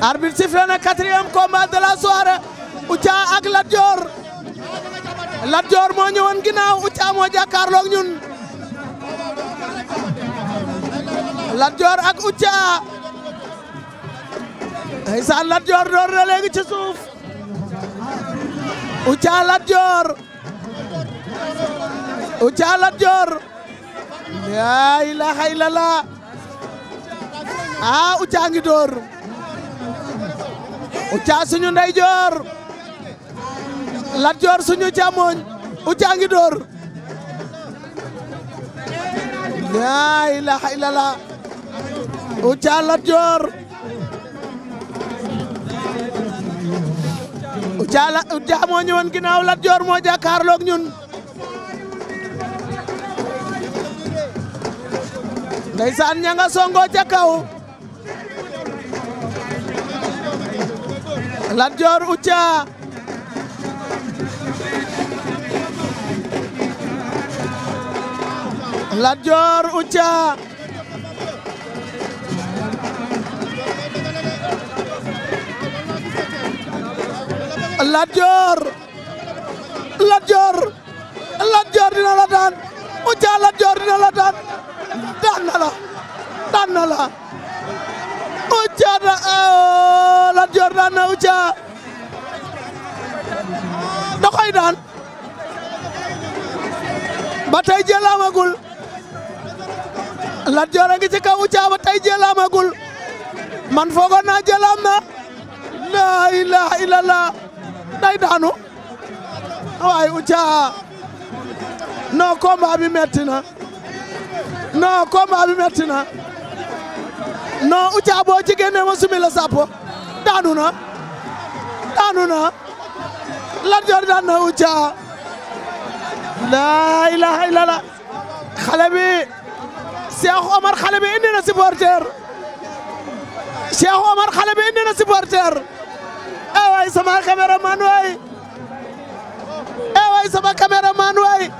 arbitre sifflé na quatrième combat de la soirée Outhia ak Lat Dior Lat Dior moo ñëwoon ginnaaw Outhia moo jàkkaarloog ñun Lat Dior ak Outhia ndeysaan Lat Dior door na léegi ci suuf Lat Dior Outhia Lat Dior laa ilaaha illallah aa ah, ucaa ngi door ucaa suñu ndeyjoor Lat Joor suñu càmmoñ ucaa ngi door laa lala illallah ucaa Lat Joor ucaa moo ñëwoon ginnaaw Lat Joor moo jàkkaarloog ñun ndeysaan ña nga songgo ca kaw Lat uca, Ucca Lat Joor Ucca Lat Joor Lat Joor Lat Joor na la ucca da a eh, Lat Joor daan na daan ba tey jël amagul Lat Joor a ngi ci kaw ucca ba tey jël man foogoon naa jël am na day daanu waaye ucca non combat bi metti na non combat bi metti na non Outhia boo ci génnee ma sumi la sàpp daanu na daanu na Lat daan na Outhia laa ilaha illallah xale bi Cheikh Omar xale bi indi na supporter Cheikh Omar xale bi indi na supporter eh waay sama caméraman waay eh waay sama caméraman waay